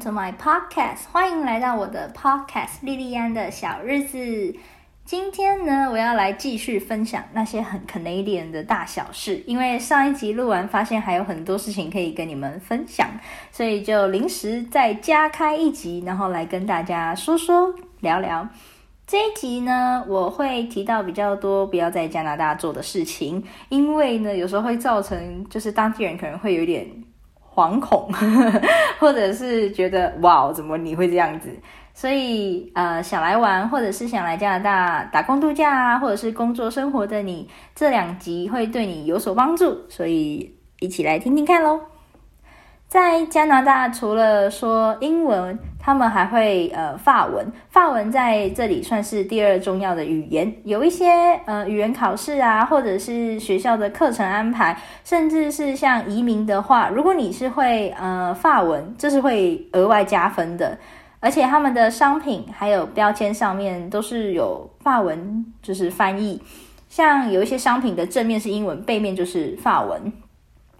To my podcast，歡迎來到我的 podcast 莉莉安的小日子。今天呢，我要來繼續分享那些很 Canadian 的大小事，因為上一集錄完發現還有很多事情可以跟你們分享，所以就臨時再加開一集，然後來跟大家說說聊聊。這一集呢，我會提到比較多不要在加拿大做的事情，因為呢，有時候會造成就是當地人可能會有點。惶恐，或者是覺得哇，怎麼你會這樣子？所以呃，想來玩，或者是想來加拿大打工度假啊，或者是工作生活的你，這兩集會對你有所幫助，所以一起來聽聽看咯。在加拿大，除了說英文，他們還會呃法文。法文在這裡算是第二重要的語言。有一些呃語言考試啊，或者是學校的課程安排，甚至是像移民的話，如果你是會呃法文，這是會額外加分的。而且他們的商品還有標籤上面都是有法文，就是翻譯。像有一些商品的正面是英文，背面就是法文。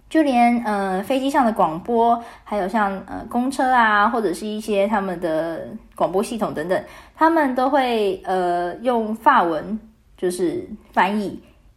就連呃飛機上的廣播，還有像呃公車啊，或者是一些他們的廣播系統等等，他們都會呃用法文就是翻譯，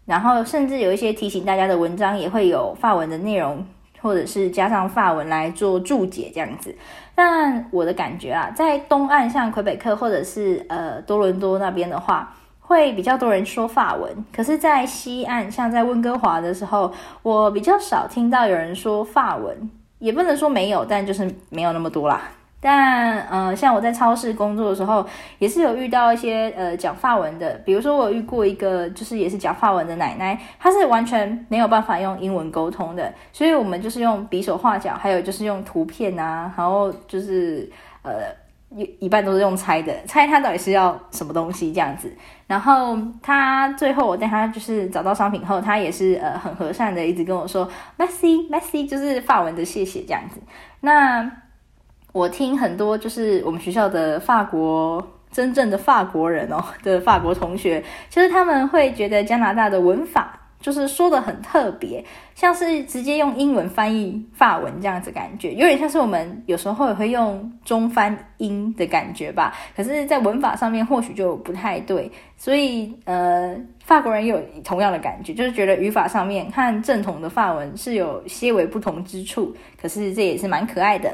然後甚至有一些提醒大家的文章也會有法文的內容，或者是加上法文來做註解這樣子。但我的感覺啊，在東岸像魁北克或者是呃多倫多那邊的話，會比較多人說法文，可是，在西岸，像在溫哥華的時候，我比較少聽到有人說法文，也不能說沒有，但就是沒有那麼多啦。但，呃，像我在超市工作的時候，也是有遇到一些，呃，講法文的。比如說，我遇過一個，就是也是講法文的奶奶，她是完全沒有辦法用英文溝通的，所以我們就是用比手畫腳，還有就是用圖片啊，然後就是，呃，一一半都是用猜的，猜他到底是要什麼東西這樣子。然後他最後，帶他就是找到商品後，他也是呃很和善的，一直跟我說 m e s s i m e s s i 就是法文的謝謝這樣子。那我聽很多就是我們學校的法國真正的法國人哦、喔、的法國同學，就是他們會覺得加拿大的文法。就是說得很特別，像是直接用英文翻譯法文這樣子感覺，有點像是我們有時候也會用中翻英的感覺吧。可是，在文法上面或許就不太對，所以呃，法國人也有同樣的感覺，就是覺得語法上面和正統的法文是有些微不同之處。可是這也是蠻可愛的。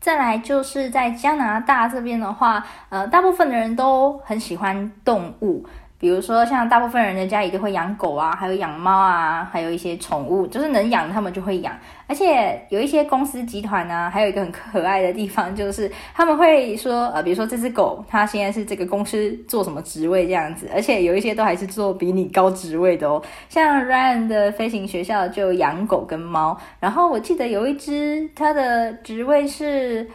再來就是在加拿大這邊的話，呃，大部分的人都很喜歡動物。比如說，像大部分人的家裡都會養狗啊，還有養貓啊，還有一些寵物，就是能養他們就會養。而且有一些公司集團呢、啊，還有一個很可愛的地方，就是他們會說，呃，比如說這隻狗，它現在是這個公司做什麼職位這樣子，而且有一些都還是做比你高職位的哦。像 Ryan 的飛行學校就養狗跟貓，然後我記得有一隻它的職位是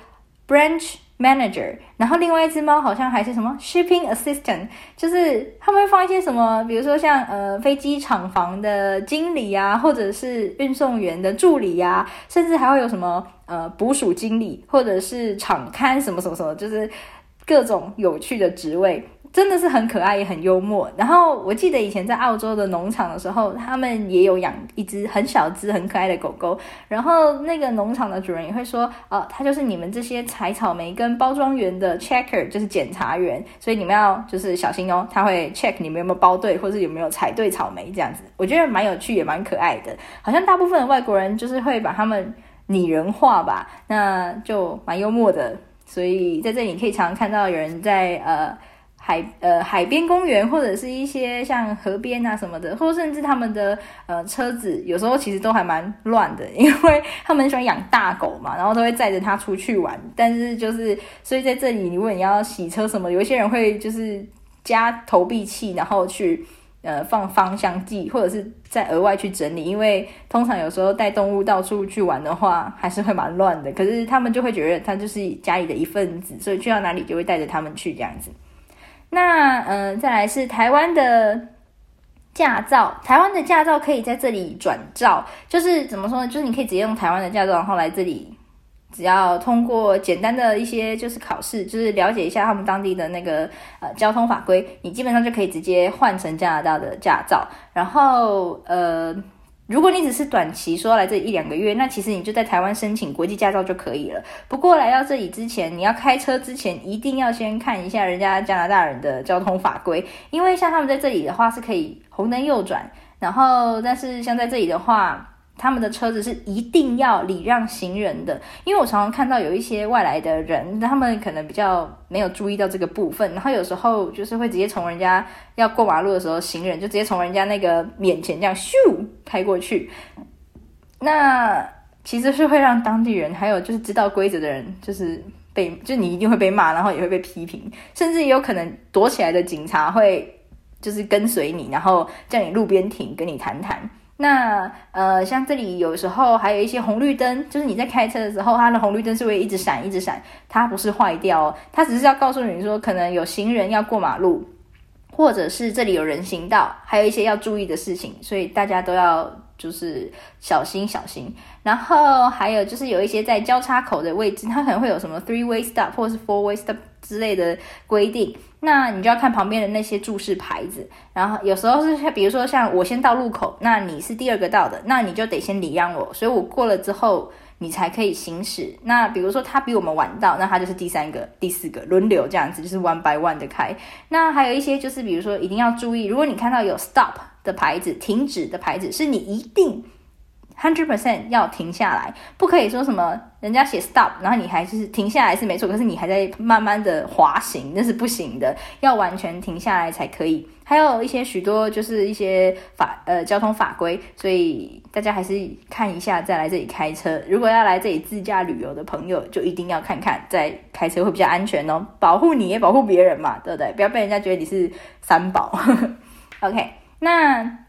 Branch Manager，然後另外一隻貓好像還是什麼 Shipping Assistant，就是他們會放一些什麼，比如說像呃飛機廠房的經理呀、啊，或者是運送員的助理呀、啊，甚至還會有什麼呃捕鼠經理，或者是廠刊什麼什麼什麼，就是各種有趣的職位。真的是很可愛，也很幽默。然後我記得以前在澳洲的農場的時候，他們也有養一隻很小只、很可愛的狗狗。然後那個農場的主人也會說：“呃、哦，他就是你們這些採草莓跟包裝員的 checker，就是檢查員，所以你們要就是小心哦，他會 check 你們有沒有包對，或者有沒有採對草莓這樣子。”我覺得蠻有趣，也蠻可愛的。好像大部分的外國人就是會把他們擬人化吧，那就蠻幽默的。所以在這裡你可以常常看到有人在呃。海，呃，海邊公園或者是一些像河邊啊什麼的，或甚至他們的呃車子有時候其實都還蠻亂的，因為他們很喜歡養大狗嘛，然後都會載着它出去玩。但是就是所以在這裡，如果你要洗車什麼，有一些人會就是加投幣器，然後去呃放芳香劑，或者是再額外去整理。因為通常有時候帶動物到處去玩的話，還是會蠻亂的。可是他們就會覺得他就是家裡的一份子，所以去到哪裡就會帶着他們去這樣子。那，嗯、呃，再來是台灣的駕照。台灣的駕照可以在這裡轉照，就是怎麼說呢？就是你可以直接用台灣的駕照，然後來這裡，只要通過簡單的一些就是考試，就是了解一下他們當地的那個呃交通法規，你基本上就可以直接換成加拿大的駕照。然後，呃。如果你只是短期說來這一兩個月，那其實你就在台灣申請國際駕照就可以了。不過來到這裡之前，你要開車之前一定要先看一下人家加拿大人的交通法規，因為像他們在這裡的話是可以紅燈右轉，然後但是像在這裡的話。他們的車子是一定要禮讓行人的，因為我常常看到有一些外來的人，他們可能比較沒有注意到這個部分，然後有時候就是會直接從人家要過馬路的時候，行人就直接從人家那個面前這樣咻開過去，那其實是會讓當地人還有就是知道規則的人，就是被就你一定會被罵，然後也會被批評，甚至也有可能躲起來的警察會就是跟隨你，然後叫你路邊停，跟你談談。那呃、，像這裡有時候還有一些紅綠燈，就是你在開車的時候，它的紅綠燈是會一直閃一直閃，它不是壞掉哦，它只是要告訴你說可能有行人要過馬路，或者是這裡有人行道，還有一些要注意的事情，所以大家都要就是小心小心。然後還有就是有一些在交叉口的位置，它可能會有什麼 three way stop 或者是 four way stop。之類的規定，那你就要看旁邊的那些指示牌子。然後有時候是，比如說像我先到路口，那你是第二個到的，那你就得先禮讓我，所以我過了之後你才可以行駛。那比如說他比我們晚到，那他就是第三個、第四個輪流這樣子，就是 one by one 的開。那還有一些就是，比如說一定要注意，如果你看到有 stop 的牌子、停止的牌子，是你一定。Hundred percent 要停下來，不可以說什麼人家寫 stop，然後你還就是停下來是沒錯，可是你還在慢慢的滑行，那是不行的，要完全停下來才可以。還有一些許多就是一些法呃交通法規，所以大家還是看一下再來這裡開車。如果要來這裡自駕旅遊的朋友，就一定要看看，再開車會比較安全哦，保護你也保護別人嘛，對不對？不要被人家覺得你是三寶。 OK，那。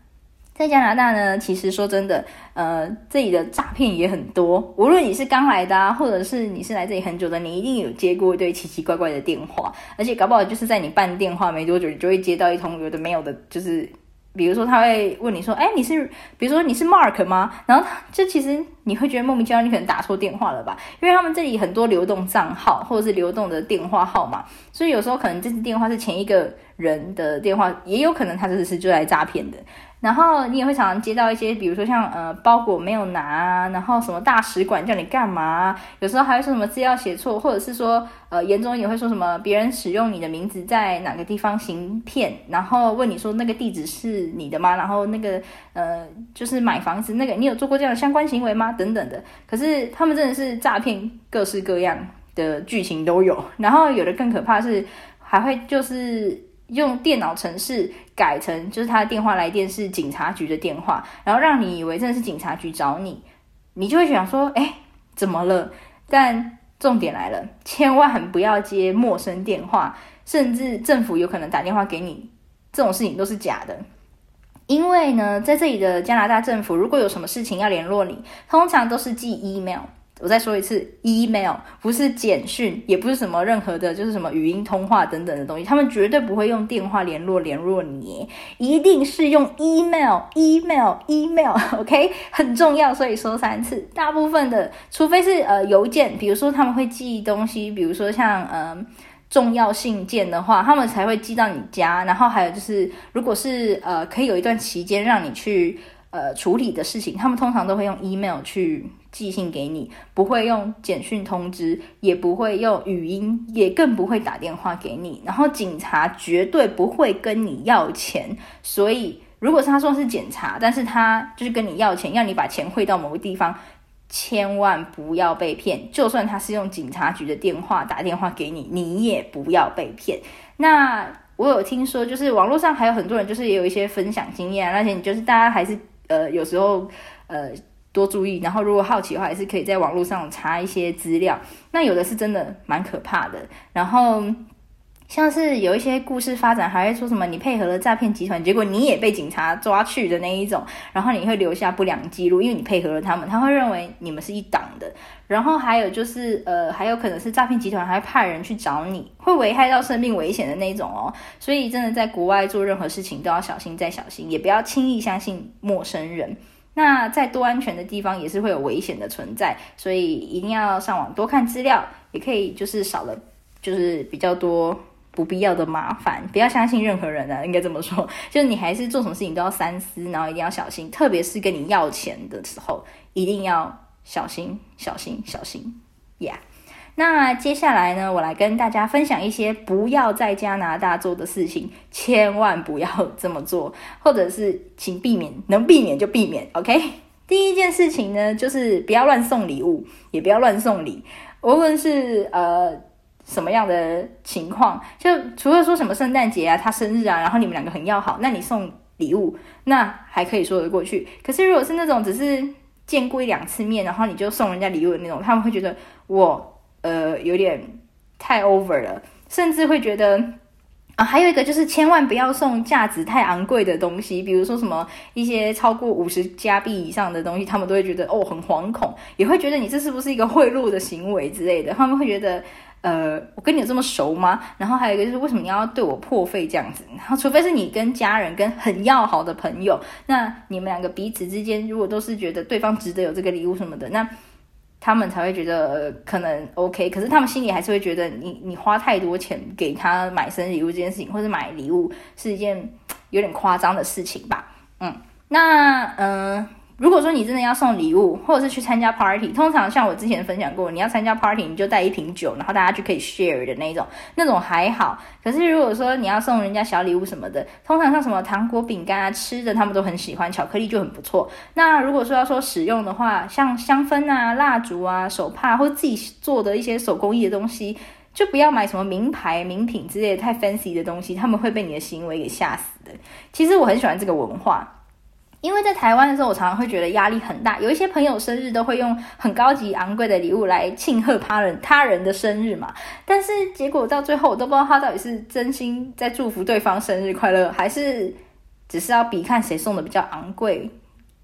在加拿大呢，其實說真的，呃，這裡的詐騙也很多。無論你是剛來的啊，或者是你是來這裡很久的，你一定有接過一堆奇奇怪怪的電話。而且搞不好就是在你辦電話沒多久，你就會接到一通有的沒有的，就是比如說他會問你說：“哎，你是比如說你是 Mark 嗎？”然後這其實你會覺得莫名其妙，你可能打錯電話了吧？因為他們這裡很多流動賬號或者是流動的電話號碼，所以有時候可能這支電話是前一個人的電話，也有可能他真是就來詐騙的。然後你也會常常接到一些，比如說像呃包裹沒有拿，然後什麼大使館叫你幹嘛，有時候還會說什麼資料寫錯，或者是說呃嚴重也會說什麼別人使用你的名字在哪個地方行騙，然後問你說那個地址是你的嗎？然後那個呃就是買房子那個，你有做過這樣的相關行為嗎？等等的。可是他們真的是詐騙，各式各樣的劇情都有。然後有的更可怕是還會就是。用電腦程式改成，就是他的電話來電是警察局的電話，然後讓你以為真的是警察局找你，你就會想說，哎、欸，怎麼了？但重點來了，千萬不要接陌生電話，甚至政府有可能打電話給你，這種事情都是假的。因為呢，在這裡的加拿大政府，如果有什麼事情要聯絡你，通常都是寄 email。我再說一次，email 不是簡訊，也不是什麼任何的，就是什麼語音通話等等的東西，他們絕對不會用電話聯絡聯絡你，一定是用 email，email，email，OK？很重要，所以說三次。大部分的，除非是呃郵件，比如說他們會寄東西，比如說像呃重要信件的話，他們才會寄到你家。然後還有就是，如果是呃可以有一段期間讓你去呃處理的事情，他們通常都會用 email 去。寄信給你，不會用簡訊通知，也不會用語音，也更不會打電話給你。然後警察絕對不會跟你要錢，所以如果他說是警察，但是他就是跟你要錢，要你把錢匯到某個地方，千萬不要被騙。就算他是用警察局的電話打電話給你，你也不要被騙。那我有聽說，就是網絡上還有很多人，就是也有一些分享經驗，那些你就是大家還是呃，有時候呃。多注意，然後如果好奇的話，還是可以在網絡上查一些資料。那有的是真的蠻可怕的。然後像是有一些故事發展，還會說什麼你配合了詐騙集團，結果你也被警察抓去的那一種。然後你會留下不良記錄，因為你配合了他們，他會認為你們是一黨的。然後還有就是，呃，還有可能是詐騙集團還會派人去找你，會危害到生命危險的那一種哦。所以真的在國外做任何事情都要小心再小心，也不要輕易相信陌生人。那在多安全的地方也是會有危險的存在，所以一定要上網多看資料，也可以就是少了就是比較多不必要的麻煩，不要相信任何人啊，應該這麼說，就是你還是做什麼事情都要三思，然後一定要小心，特別是跟你要錢的時候，一定要小心小心小心，Yeah。那接下來呢，我來跟大家分享一些不要在加拿大做的事情，千萬不要這麼做，或者是請避免，能避免就避免。OK，第一件事情呢，就是不要亂送禮物，也不要亂送禮，無論是呃什麼樣的情況，就除了說什麼聖誕節啊，他生日啊，然後你們兩個很要好，那你送禮物，那還可以說得過去。可是如果是那種只是見過一兩次面，然後你就送人家禮物的那種，他們會覺得我。呃，有點太 over 了，甚至會覺得啊，還有一個就是千萬不要送價值太昂貴的東西，比如說什麼一些超過五十加幣以上的東西，他們都會覺得哦很惶恐，也會覺得你這是不是一個賄賂的行為之類的，他們會覺得呃，我跟你有這麼熟嗎？然後還有一個就是為什麼你要對我破費這樣子？然後除非是你跟家人跟很要好的朋友，那你們兩個彼此之間如果都是覺得對方值得有這個禮物什麼的，那。他們才會覺得可能 OK，可是他們心裡還是會覺得你你花太多錢給他買生日禮物這件事情，或者買禮物是一件有點誇張的事情吧。嗯，那嗯。呃如果說你真的要送禮物，或者是去參加 party，通常像我之前分享過，你要參加 party，你就帶一瓶酒，然後大家就可以 share 的那種，那種還好。可是如果說你要送人家小禮物什麼的，通常像什麼糖果、餅乾啊、吃的，他們都很喜歡，巧克力就很不錯。那如果說要說實用的話，像香氛啊、蠟燭啊、手帕或自己做的一些手工藝的東西，就不要買什麼名牌、名品之類的，太 fancy 的東西，他們會被你的行為給嚇死的。其實我很喜歡這個文化。因為在台灣的時候，我常常會覺得壓力很大。有一些朋友生日都會用很高級、昂貴的禮物來慶賀他人他人的生日嘛，但是結果到最後，我都不知道他到底是真心在祝福對方生日快樂，還是只是要比看誰送的比較昂貴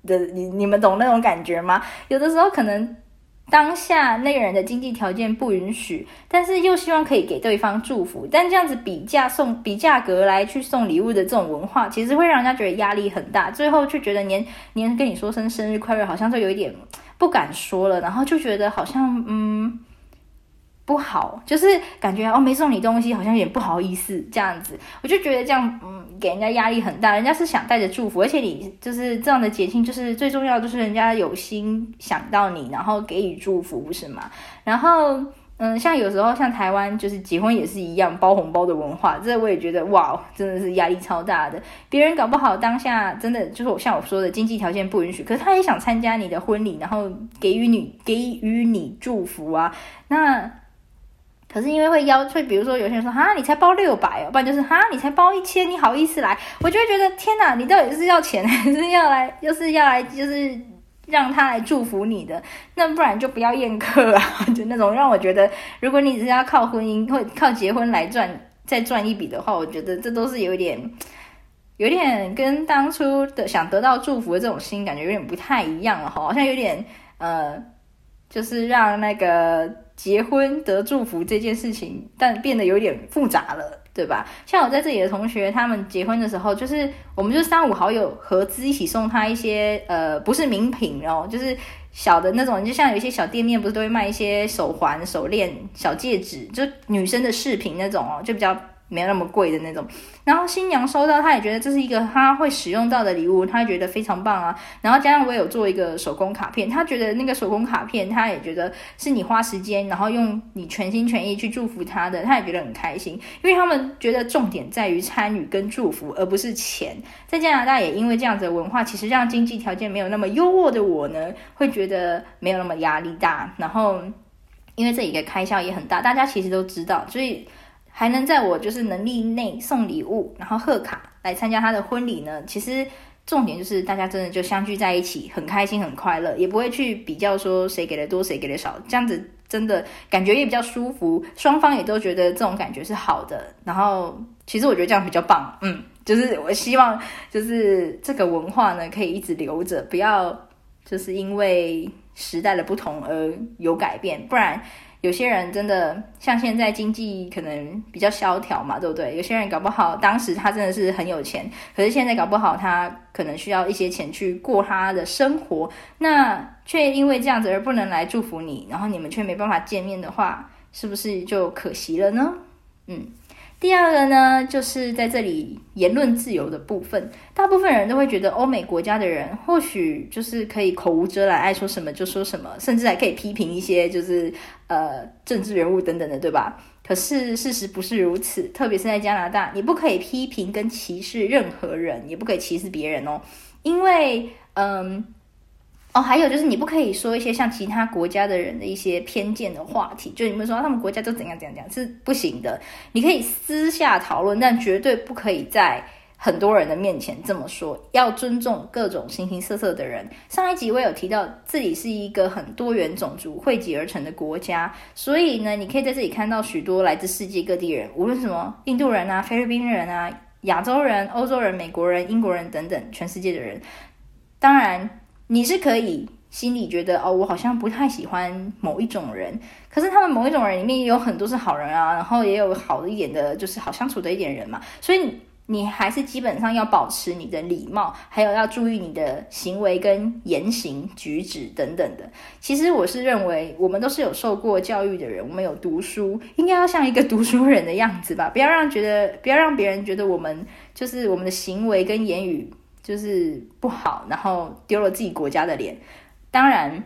的。你你們懂那種感覺嗎？有的時候可能。當下那個人的經濟條件不允許，但是又希望可以給對方祝福，但這樣子比價送比價格來去送禮物的這種文化，其實會讓人家覺得壓力很大，最後就覺得年年跟你說聲生日快樂好像就有一點不敢說了，然後就覺得好像嗯。不好，就是感覺哦，沒送你東西，好像有點不好意思這樣子。我就覺得這樣，嗯，給人家壓力很大。人家是想帶着祝福，而且你就是這樣的節慶，就是最重要的就是人家有心想到你，然後給予祝福，不是嗎？然後，嗯，像有時候像台灣就是結婚也是一樣包紅包的文化，這我也覺得哇，真的是壓力超大的。別人搞不好當下真的就是像我說的經濟條件不允許，可是他也想參加你的婚禮，然後給予你給予你祝福啊，那。可是因為會要，就比如說有些人說哈，你才包六百哦，不然就是哈，你才包一千，你好意思來？我就會覺得天哪、啊，你到底是要錢還是要來，就是要來就是讓他來祝福你的？那不然就不要宴客啊！就那種讓我覺得，如果你只是要靠婚姻或靠結婚來賺再賺一筆的話，我覺得這都是有點，有點跟當初的想得到祝福的這種心感覺有點不太一樣了，好像有點呃，就是讓那個。結婚得祝福這件事情，但變得有點複雜了，對吧？像我在這裡的同學，他們結婚的時候，就是我們就是三五好友合資一起送他一些呃，不是名品哦，就是小的那種，就像有一些小店面不是都會賣一些手環、手鏈、小戒指，就女生的飾品那種哦，就比較。沒有那麼貴的那種，然後新娘收到，她也覺得這是一個她會使用到的禮物，她覺得非常棒啊。然後加上我也有做一個手工卡片，她覺得那個手工卡片，她也覺得是你花時間，然後用你全心全意去祝福她的，她也覺得很開心。因為他們覺得重點在於參與跟祝福，而不是錢。在加拿大也因為這樣子的文化，其實讓經濟條件沒有那麼優渥的我呢，會覺得沒有那麼壓力大。然後因為這一個開銷也很大，大家其實都知道，所以。還能在我就是能力內送禮物，然後賀卡來參加他的婚禮呢。其實重點就是大家真的就相聚在一起，很開心，很快樂，也不會去比較說誰給的多，誰給的少。這樣子真的感覺也比較舒服，雙方也都覺得這種感覺是好的。然後其實我覺得這樣比較棒，嗯，就是我希望就是這個文化呢可以一直留着，不要就是因為時代的不同而有改變，不然。有些人真的像現在經濟可能比較蕭條嘛，對不對？有些人搞不好當時他真的是很有錢，可是現在搞不好他可能需要一些錢去過他的生活，那卻因為這樣子而不能來祝福你，然後你們卻沒辦法見面的話，是不是就可惜了呢？嗯。第二個呢，就是在這裡言論自由的部分，大部分人都會覺得歐美國家的人，或許就是可以口無遮攔，愛說什麼就說什麼，甚至還可以批評一些就是呃政治人物等等的，對吧？可是事實不是如此，特別是在加拿大，你不可以批評跟歧視任何人，也不可以歧視別人哦，因為嗯。呃哦，還有就是你不可以說一些像其他國家的人的一些偏見的話題，就你們說、啊、他們國家都怎樣怎樣怎樣是不行的。你可以私下討論，但絕對不可以在很多人的面前這麼說。要尊重各種形形色色的人。上一集我有提到，這裡是一個很多元種族匯集而成的國家，所以呢，你可以在這裡看到許多來自世界各地人，無論什麼印度人啊、菲律賓人啊、亞洲人、歐洲人、美國人、英國人等等，全世界的人。當然。你是可以心裡覺得哦，我好像不太喜歡某一種人，可是他們某一種人裡面也有很多是好人啊，然後也有好一點的，就是好相處的一點人嘛。所以你還是基本上要保持你的禮貌，還有要注意你的行為跟言行舉止等等的。其實我是認為，我們都是有受過教育的人，我們有讀書，應該要像一個讀書人的樣子吧，不要讓覺得，不要讓別人覺得我們就是我們的行為跟言語，就是不好，然後丟了自己國家的臉。當然，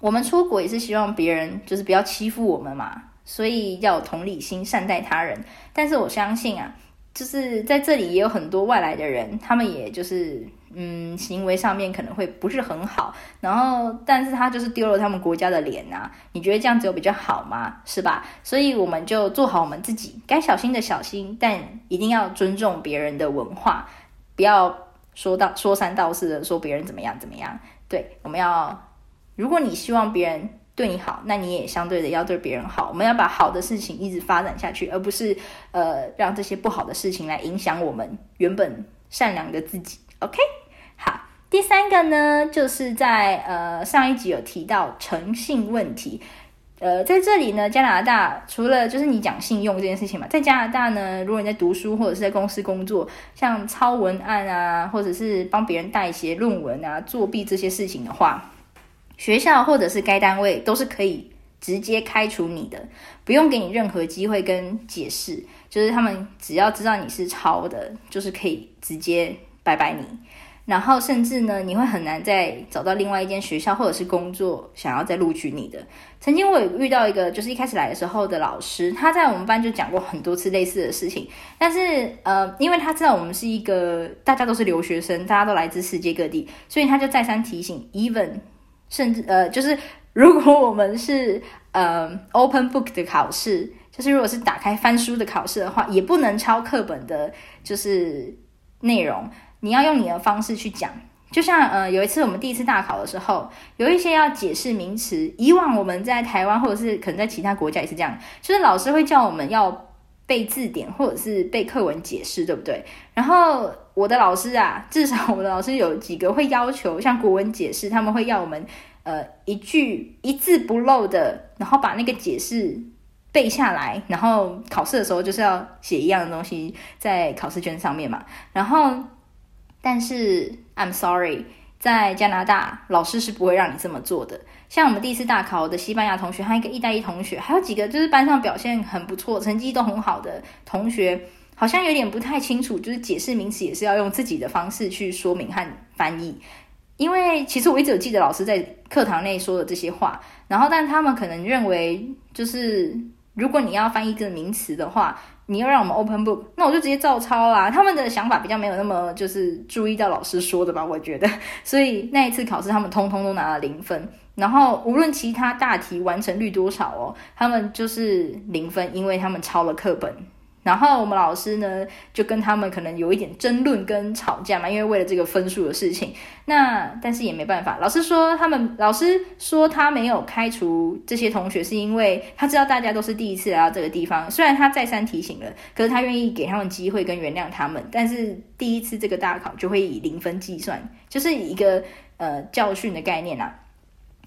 我們出國也是希望別人就是不要欺負我們嘛，所以要有同理心，善待他人。但是我相信啊，就是在這裡也有很多外來的人，他們也就是嗯，行為上面可能會不是很好，然後但是他就是丟了他們國家的臉吶、啊。你覺得這樣子有比較好嗎？是吧？所以我們就做好我們自己，該小心的小心，但一定要尊重別人的文化，不要。說到說三道四的說別人怎麼樣怎麼樣，對，我們要，如果你希望別人對你好，那你也相對的要對別人好，我們要把好的事情一直發展下去，而不是呃讓這些不好的事情來影響我們原本善良的自己。OK，好，第三個呢，就是在呃上一集有提到誠信問題。呃，在這裡呢，加拿大除了就是你講信用這件事情嘛，在加拿大呢，如果你在讀書或者是在公司工作，像抄文案啊，或者是幫別人代寫論文啊、作弊這些事情的話，學校或者是該單位都是可以直接開除你的，不用給你任何機會跟解釋，就是他們只要知道你是抄的，就是可以直接拜拜你，然後甚至呢，你會很難再找到另外一間學校或者是工作想要再錄取你的。曾經我有遇到一個，就是一開始來的時候的老師，他在我們班就講過很多次類似的事情。但是，呃，因為他知道我們是一個大家都是留學生，大家都來自世界各地，所以他就再三提醒，even 甚至，呃，就是如果我們是呃 open book 的考試，就是如果是打開翻書的考試的話，也不能抄課本的，就是內容，你要用你的方式去講。就像呃有一次我們第一次大考的時候，有一些要解釋名詞。以往我們在台灣或者是可能在其他國家也是這樣，就是老師會叫我們要背字典或者是背課文解釋，對不對？然後我的老師啊，至少我的老師有幾個會要求像國文解釋，他們會要我們呃一句一字不漏的，然後把那個解釋背下來，然後考試的時候就是要寫一樣的東西在考試卷上面嘛，然後。但是，I'm sorry，在加拿大，老師是不會讓你這麼做的。像我們第一次大考的西班牙同學和一個意大利同學，還有幾個就是班上表現很不錯、成績都很好的同學，好像有點不太清楚，就是解釋名詞也是要用自己的方式去說明和翻譯。因為其實我一直有記得老師在課堂內說的這些話，然後但他們可能認為，就是如果你要翻譯這個名詞的話。你又讓我們 open book，那我就直接照抄啦啊。他們的想法比較沒有那麼就是注意到老師說的吧，我覺得。所以那一次考試，他們通通都拿了零分。然後無論其他大題完成率多少哦，他們就是零分，因為他們抄了課本。然後我們老師呢，就跟他們可能有一點爭論跟吵架嘛，因為為了這個分數的事情。那但是也沒辦法，老師說他們，老師說他沒有開除這些同學，是因為他知道大家都是第一次來到這個地方，雖然他再三提醒了，可是他願意給他們機會跟原諒他們。但是第一次這個大考就會以零分計算，就是以一個呃教訓的概念啊。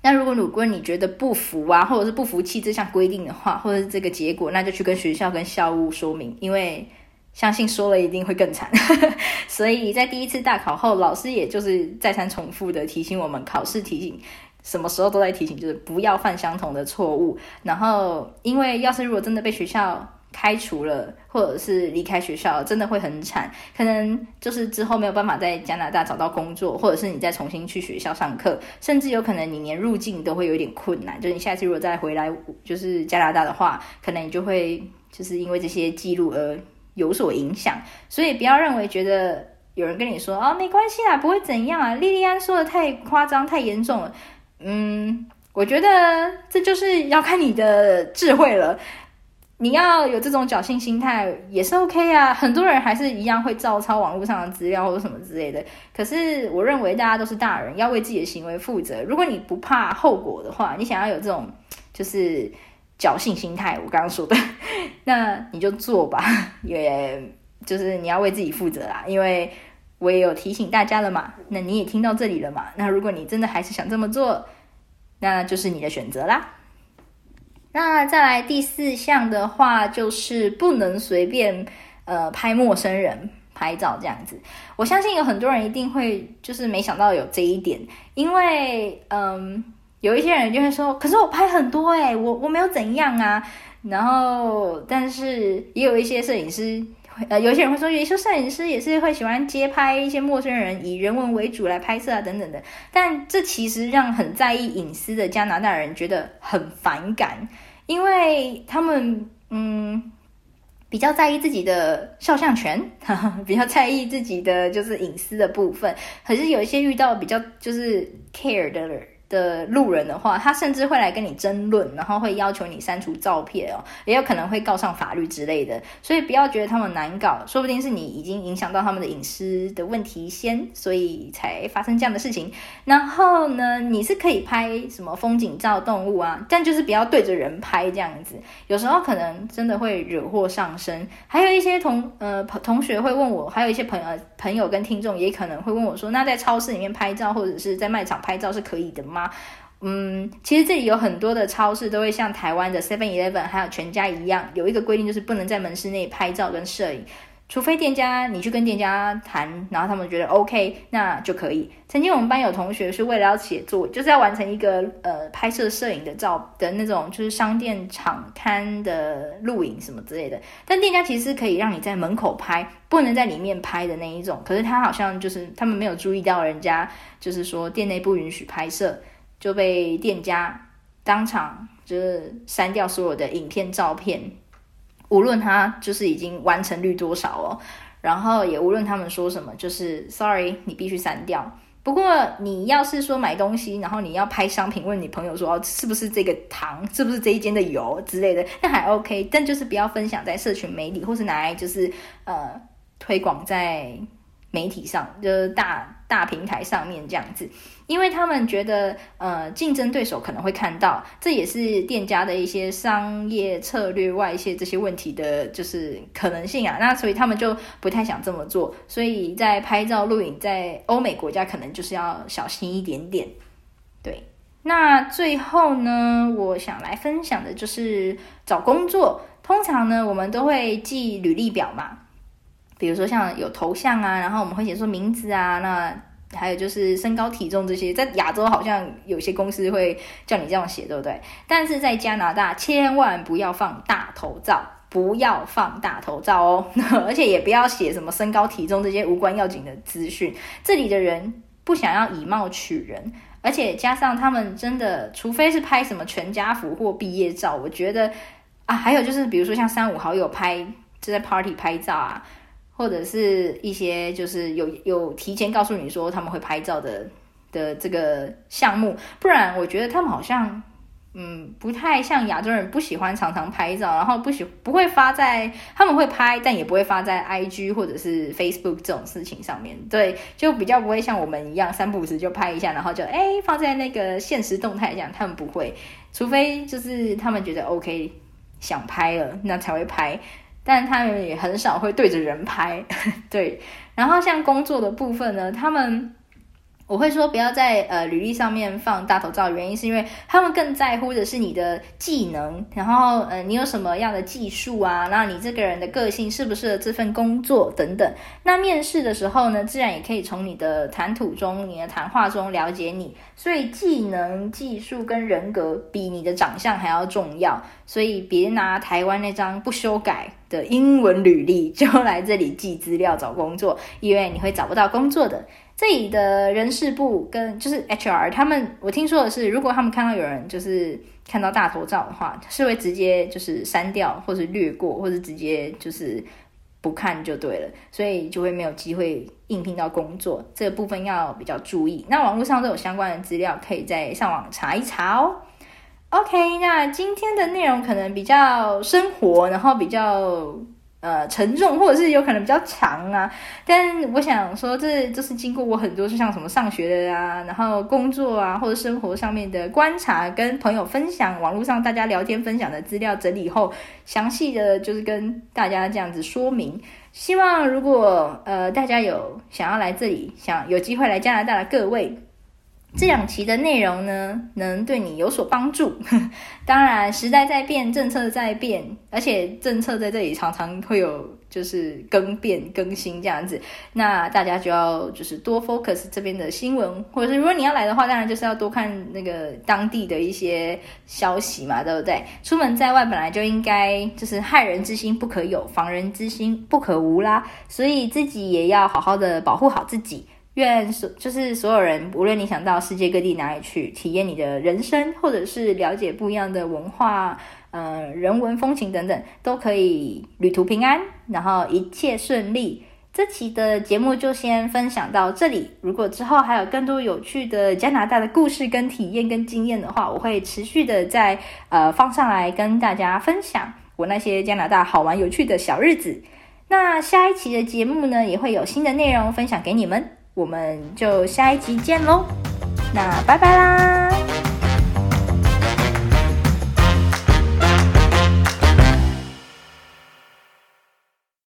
那如果魯你覺得不服啊，或者是不服氣這項規定的話，或者是這個結果，那就去跟學校跟校務說明，因為相信說了一定會更慘。 所以在第一次大考後，老師也就是再三重複的提醒我們，考試提醒什麼時候都在提醒，就是不要犯相同的錯誤。然後，因為要是如果真的被學校。開除了，或者是離開學校，真的會很慘。可能就是之後沒有辦法在加拿大找到工作，或者是你再重新去學校上課，甚至有可能你連入境都會有一點困難。就是你下次如果再回來，就是加拿大的話，可能你就會就是因為這些記錄而有所影響。所以不要認為覺得有人跟你說啊，哦，沒關係啦，不會怎樣啊。莉莉安說的太誇張太嚴重了。嗯，我覺得這就是要看你的智慧了。你要有這種僥倖心態也是 OK 啊，很多人還是一樣會照抄網絡上的資料或者什麼之類的。可是我認為大家都是大人，要為自己的行為負責。如果你不怕後果的話，你想要有這種就是僥倖心態，我剛剛說的，那你就做吧，也就是你要為自己負責啊。因為我也有提醒大家了嘛，那你也聽到這裡了嘛。那如果你真的還是想這麼做，那就是你的選擇啦。那再來第四項的話，就是不能隨便呃拍陌生人拍照這樣子。我相信有很多人一定會就是沒想到有這一點，因為嗯，有一些人就會說，可是我拍很多誒、欸、我我沒有怎樣啊。然後，但是也有一些攝影師。呃，有些人會說，有些攝影師也是會喜歡街拍一些陌生人，以人文為主來拍攝啊，等等的。但這其實讓很在意隱私的加拿大人覺得很反感，因為他們嗯比較在意自己的肖像權，哈哈，比較在意自己的就是隱私的部分。可是有一些遇到比較就是 care 的人，的路人的話，他甚至會來跟你爭論，然後會要求你刪除照片哦，也有可能會告上法律之類的。所以不要覺得他們難搞，說不定是你已經影響到他們的隱私的問題先，所以才發生這樣的事情。然後呢，你是可以拍什麼風景照、動物啊，但就是不要對着人拍這樣子。有時候可能真的會惹禍上身。還有一些同呃同學會問我，還有一些朋友朋友跟聽眾也可能會問我說，那在超市裡面拍照或者是在賣場拍照是可以的嗎？嗯，其實這裡有很多的超市都會像台灣的 Seven Eleven 還有全家一樣，有一個規定就是不能在門市內拍照跟攝影，除非店家你去跟店家談，然後他們覺得 OK，那就可以。曾經我們班有同學是為了要寫作，就是要完成一個呃拍攝攝影的照的那種，就是商店場刊的錄影什麼之類的。但店家其實可以讓你在門口拍，不能在裡面拍的那一種。可是他好像就是他們沒有注意到人家，就是說店內不允許拍攝。就被店家當場就是刪掉所有的影片、照片，無論他就是已經完成率多少哦，然後也無論他們說什麼，就是 sorry，你必須刪掉。不過你要是說買東西，然後你要拍商品，問你朋友說哦、啊，是不是這個糖，是不是這一間的油之類的，那還 OK。但就是不要分享在社群媒體，或是拿來就是呃推廣在媒體上，就是大大平台上面這樣子，因為他們覺得，呃，競爭對手可能會看到，這也是店家的一些商業策略外洩這些問題的，就是可能性啊。那所以他們就不太想這麼做，所以在拍照錄影，在歐美國家可能就是要小心一點點。對，那最後呢，我想來分享的就是找工作，通常呢，我們都會寄履歷表嘛。比如說像有頭像啊，然後我們會寫說名字啊，那還有就是身高體重這些，在亞洲好像有些公司會叫你這樣寫，對不對？但是在加拿大千萬不要放大頭照，不要放大頭照哦， 而且也不要寫什麼身高體重這些無關要緊的資訊。這裡的人不想要以貌取人，而且加上他們真的，除非是拍什麼全家福或畢業照，我覺得啊，還有就是比如說像三五好友拍，就在 party 拍照啊。或者是一些就是有有提前告訴你說他們會拍照的的這個項目，不然我覺得他們好像嗯不太像亞洲人不喜歡常常拍照，然後不喜不會發在他們會拍，但也不會發在 IG 或者是 Facebook 這種事情上面。對，就比較不會像我們一樣三不五時就拍一下，然後就誒、欸、放在那個限時動態這樣，他們不會，除非就是他們覺得 OK 想拍了，那才會拍。但他們也很少會對着人拍，對。然後像工作的部分呢，他們我會說不要在呃履歷上面放大頭照，原因是因為他們更在乎的是你的技能，然後嗯、呃、你有什麼樣的技術啊？那你這個人的個性適不適合這份工作等等？那面試的時候呢，自然也可以從你的談吐中、你的談話中了解你。所以技能、技術跟人格比你的長相還要重要，所以別拿台灣那張不修改。的英文履歷就來這裡寄資料找工作，因為你會找不到工作的。這裡的人事部跟就是 HR，他們我聽說的是，如果他們看到有人就是看到大頭照的話，是會直接就是刪掉，或是略過，或是直接就是不看就對了，所以就會沒有機會應聘到工作。這個部分要比較注意。那網絡上都有相關的資料，可以在上網查一查哦。OK，那今天的內容可能比較生活，然後比較呃沉重，或者是有可能比較長啊。但我想說這，這、就、這是經過我很多，就像什麼上學的啊，然後工作啊，或者生活上面的觀察，跟朋友分享，網絡上大家聊天分享的資料整理後，詳細的就是跟大家這樣子說明。希望如果呃大家有想要來這裡，想有機會來加拿大的各位。這兩期的內容呢，能對你有所幫助。呵呵，當然，時代在變，政策在變，而且政策在這裡常常會有就是更變更新這樣子。那大家就要就是多 focus 這邊的新聞，或者是如果你要來的話，當然就是要多看那個當地的一些消息嘛，對不對？出門在外本來就應該就是害人之心不可有，防人之心不可無啦。所以自己也要好好的保護好自己。願所就是所有人，無論你想到世界各地哪裡去體驗你的人生，或者是了解不一樣的文化、呃人文風情等等，都可以旅途平安，然後一切順利。這期的節目就先分享到這裡。如果之後還有更多有趣的加拿大的故事跟體驗跟經驗的話，我會持續的再呃放上來跟大家分享我那些加拿大好玩有趣的小日子。那下一期的節目呢，也會有新的內容分享給你們。我們就下一集見嘍，那拜拜啦。